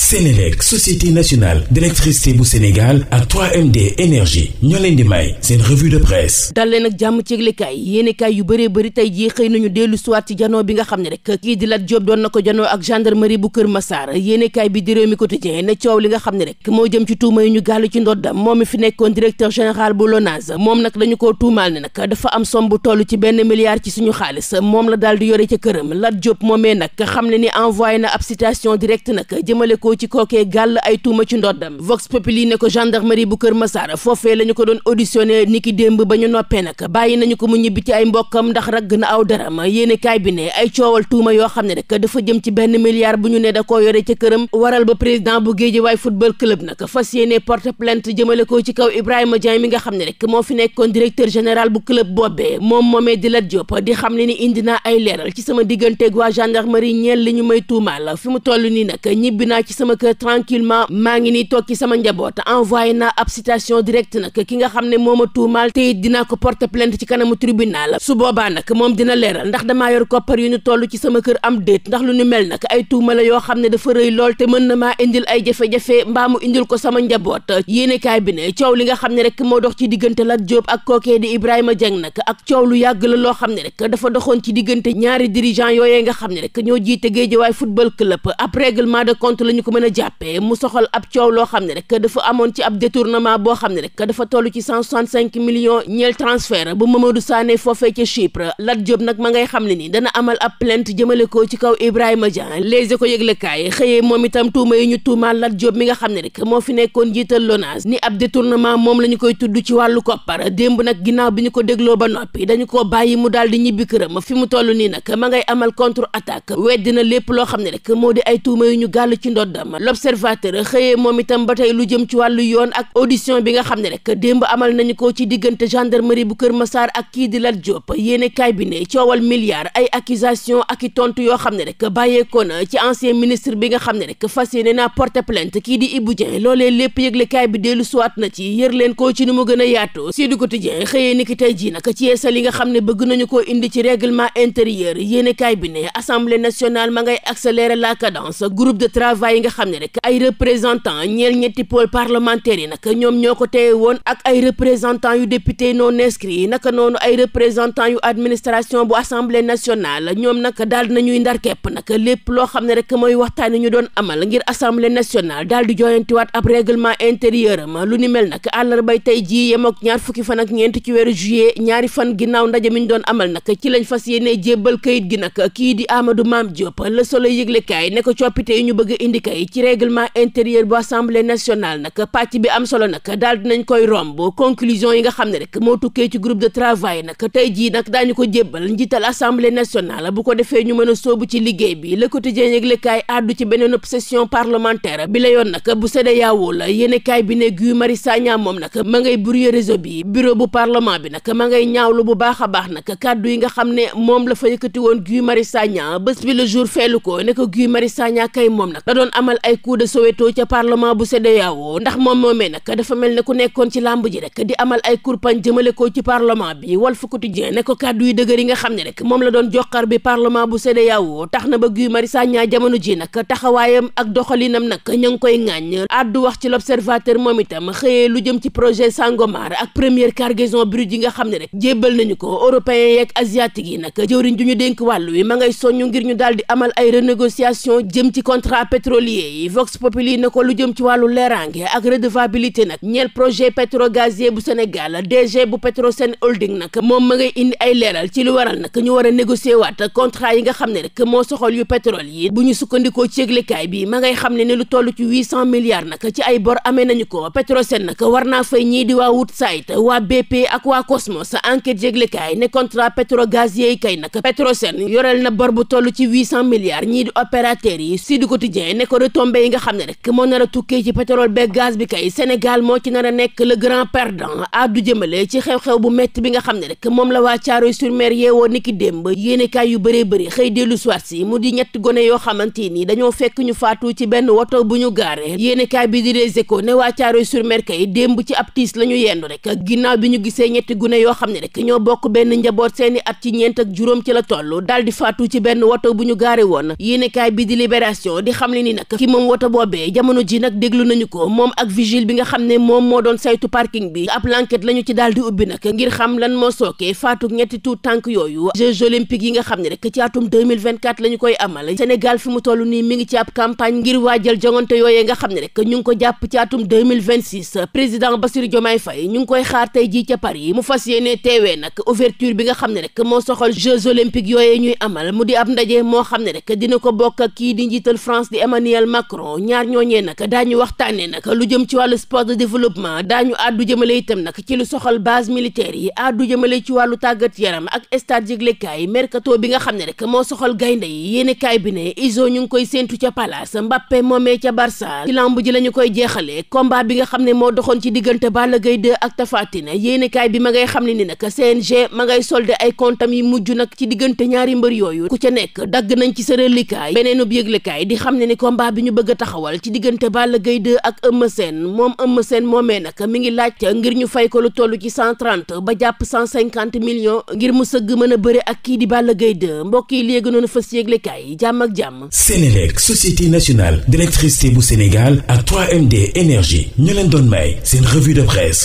Sénélec société nationale d'électricité bu Sénégal ak 3MD énergie ñoo leen di may seen revue de presse dal leen jàmm ci yëglekaay yéenekaay yu bare bëri tey jii xëy nañu dellu siwaat ci jano bi nga xam ne rek kii di Lat Diop doon na ko jano ak gendarmerie bu Kër Massar yéenekaay bi di Rewmi Quotidien ne coow li nga xam ne rek moo jëm ci tuuma yi ñu gàll ci ndoddam moom mi fi nekkoon directeur général bu LONASE moom nag dañu ko tuumaal nag dafa am somme bu toll ci benn milliard ci suñu xaalis moom la daal di yore ca këram Lat Diop moomee nag xam ne ni envoyé na ab citation directe nag jëmale ko bàyyeekoo ci kookee gàll ay tuuma ci ndoddam vox populi ne ko gendarmerie bu kër Massar foofee la ñu ko doon auditionné niki démb ba ñu noppee nag bàyyi nañu ko mu ñibbi ci ay mbokkam ndax ragg na aw dara ma yéene kaay bi ne ay coowal tuuma yoo xam ne rek dafa jëm ci benn milliard bu ñu ne da koo yore ca këram waral ba président bu géej Guédiawaye football club nag fas yéene porte plainte jëmale ko ci kaw Ibrahima Diagne mi nga xam ne rek moo fi nekkoon directeur général bu club boobee moom moomee di Lat Diop di xam ne ni indi naa ay leeral ci sama digganteeg waa gendarmerie ñeel li ñu may tuumaal fi mu toll nii sama kër tranquillement maa ngi nii toog ci sama njaboot envoyé naa ab citation directe nag ki nga xam ne moo ma tuumaal te it dinaa ko porter plainte ci kanamu tribunal su boobaa nag moom dina leeral ndax damaa yor koppar yu ñu toll ci sama kër am déet ndax lu nu mel nag ay tuuma la yoo xam ne dafa rëy lool te mën na maa indil ay jafe-jafe mbaa indil ko sama njaboot yéenekaay bi ne coow li nga xam ne rek moo dox ci diggante Lat Diop ak kookee di Ibrahima Dieng nag ak coow lu yàgg la loo xam ne rek dafa doxoon ci diggante ñaari dirigeant yooyee nga xam ne rek ñoo jiite Guédiawaye football club ab règlement de compte lañ lañu ko mën mu soxal ab coow loo xam ne rek dafa amoon ci ab détournement boo xam ne rek dafa toll ci cent soixante cinq millions ñeel transfert bu Mamadou Sané foofee ca Chypre Lat Diop nag ma ngay xam ne ni dana amal ab plainte jëmale koo ci kaw Ibrahima Dieng les ko yëglekaay xëyee moom itam tuuma yi ñu tuumaal Lat Diop mi nga xam ne rek moo fi nekkoon jiital LONASE ni ab détournement moom la ñu koy tudd ci wàllu koppar démb nag ginnaaw bi ñu ko dégloo ba noppi dañu koo bàyyi mu daal di ñibbi këram fi mu toll nii nag ma ngay amal contre attaque weddi na lépp loo xam ne ñu gàll ci ndodd ndoddam l'observateur xëyee moom itam ba tey lu jëm ci wàllu yoon ak audition bi nga xam ne rek démb amal nañu ko ci diggante gendarmerie bu Kër Massar ak kii di Lat Diop yéene kaay bi ne yoo xam ne rek na ci bi nga xam ne rek fas yéene naa porter plainte kii di Ibou Dieng loolee lépp yëgle kaay bi dellu suwaat na ci yër ko ci ni mu gën a yaatu Sud Quotidien xëyee ni ki tey ji nag ci yeesal yi nga xam ne bëgg nañu koo indi ci règlement intérieur yéene kaay bi ne assemblée nationale ma ngay accélérer la cadence groupe de travail yi nga xam ne rek ay représentant ñeel ñetti pôle parlementaire yi nag ñoom ñoo ko teye woon ak ay représentant yu député non inscrits yi naka noonu ay représentant yu administration bu assemblée nationale ñoom nag daal dinañuy ndar képp nag lépp loo xam ne rek mooy waxtaan ñu doon amal ngir assemblée nationale daal di jooyantiwaat ab règlement intérieur ma lu ni mel nag àllarbay tey jii yem ak ñaar fukki fan ak ñeent ci weeru juillet ñaari fan ginnaaw ndaje mi ñu doon amal nag ci lañ fas yéenee jébbal kayit gi nag kii di Amadou Mame kay ci règlement intérieur bu assemblée nationale nag pàcc bi am solo nag daal dinañ koy romb conclusion yi nga xam ne rek moo tukkee ci groupe de travail nag tey jii nag daañu ko jébbal njiital assemblée nationale bu ko defee ñu mën a soobu ci liggéey bi le quotidien yëglekaay àddu ci beneen session parlementaire bi la yoon nag bu CEDEAO la yéenekaay bi ne Guy Marius Sagna moom nag ma ngay brouiller réseau bi bureau bu parlement bi nag ma ngay ñaawlu bu baax a baax nag kàddu yi nga xam ne moom la fa woon Guy Marius Sagna bés bi le jour feelu ko ko Guy Marius Sagna kay moom nag amal ay coup de soweto ca parlement bu CEDEAO ndax moom moomee nag dafa mel ne ku nekkoon ci làmb ji rek di amal ay kurpañ jëmale ko ci parlement bi Walf Quotidien ne ko kàddu yu dëgër yi nga xam ne rek moom la doon joxar bi parlement bu CEDEAO tax na ba Guy Marius Sagna jamono ji nag taxawaayam ak doxalinam nag ña koy ŋàññ àddu wax ci l'observateur moom itam xëyee lu jëm ci projet Sangomar ak première cargaison brut yi ko européens yeeg asiatiques yi nag jëwriñ ju ñu dénk wàllu wi ma ngay soññu pétrolier yi Vox Populi na ko lu jëm ci wàllu leeraange ak redevabilité nag ñeel projet pétrogazier bu Sénégal DG bu Petrosen Holding nag moom ma ngay indi ay leeral ci lu waral nag ñu war a négocier waat contrat yi nga xam ne rek moo soxal yu pétrole yi bu ñu sukkandikoo ci yëglekaay bi ma ngay xam ne ne lu toll ci huit cent milliards nag ci ay bor amee nañu ko Petrosen nag war naa fay ñii di waa Woodside waa BP ak waa Cosmos enquête yëglekaay ne contrat pétrogazier yi kay nag Petrosen yoreel na bor bu toll ci huit cent milliards ñii di opérateurs yi Sud Quotidien ne ko ko retombé yi nga xam ne rek moo nar a tukkee ci pétrole beeg gaz bi kay Sénégal moo ci nar a nekk le grand perdant addu jëmale ci xew-xew bu metti bi nga xam ne rek moom la waa Caaroy sur Mer yeewoo niki démb yéenekaay yu bëree bëri xëy dellu soit si mu di ñetti gone yoo xamante nii dañoo fekk ñu faatu ci benn woto bu ñu gaare yéenekaay bi di Les Échos ne waa Caaroy sur Mer kay démb ci ab la ñu yendu rek ginnaaw bi ñu gisee ñetti gune yoo xam ne rek ñoo bokk benn njaboot seeni at ci ñeent juróom ci la toll daal di faatu ci benn woto bu ñu gaare woon yéenekaay bi di Libération di xam ni nag nag ki moom woto boobee jamono ji nag déglu nañu ko moom ak vigile bi nga xam ne moom moo doon saytu parking bi ab enquête la ñu ci daal di ubbi nag ngir xam lan moo sookee faatu ñetti tuut tànk yooyu jeux olympiques yi nga xam ne rek ci atum 2024 la ñu koy amal Sénégal fi mu toll nii mi ngi ci ab campagne ngir waajal jongante yooyee nga xam ne rek ngi ko jàpp ci atum 2026 président Bassirou Diomaye Faye ñu ngi koy xaar tey jii ca Paris mu fas yéene teewee nag ouverture bi nga xam ne rek moo soxal jeux olympiques yooyee ñuy amal mu di ab ndaje moo xam ne rek dina ko bokk kii di njiital France di Emmanuel Emmanuel Macron ñaar ñooñee nag daañu waxtaanee nag lu jëm ci wàllu sport de développement daañu àddu jëmale itam nag ci lu soxal base militaire yi àddu jëmale ci wàllu tàggat yaram ak stade yëglekaay mercato bi nga xam ne rek moo soxal gaynde yi bi ne ngi koy séentu ca Palace Mbappé moomee ca Barça ci lamb ji la ñu koy jeexalee combat bi nga xam ne moo doxoon ci diggante Balla Gaye 2 ak Tapha Tine bi ma ngay xam ne ni nag CNG ma ngay solde ay comptam yi mujj nag ci diggante ñaari mbër yooyu ku ca nekk dagg nañ ci sa reliquat beneenu yëglekaay di xam ne ni combat combat bi ñu bëgg a taxawal ci diggante Balla gayde ak Eumeu seen moom Eumeu seen moomee nag mi ngi laaj ngir ñu fay ko lu toll ci cent ba jàpp cent cinquante millions ngir mu sëgg mën a bëre ak kii di Balla Gaye 2 mbokk yi léegi noonu fas yéegle kaay jàmm ak jàmm. Sénélec société nationale d'électricité bu Sénégal ak 3MD énergie ñu leen doon may seen revue de presse.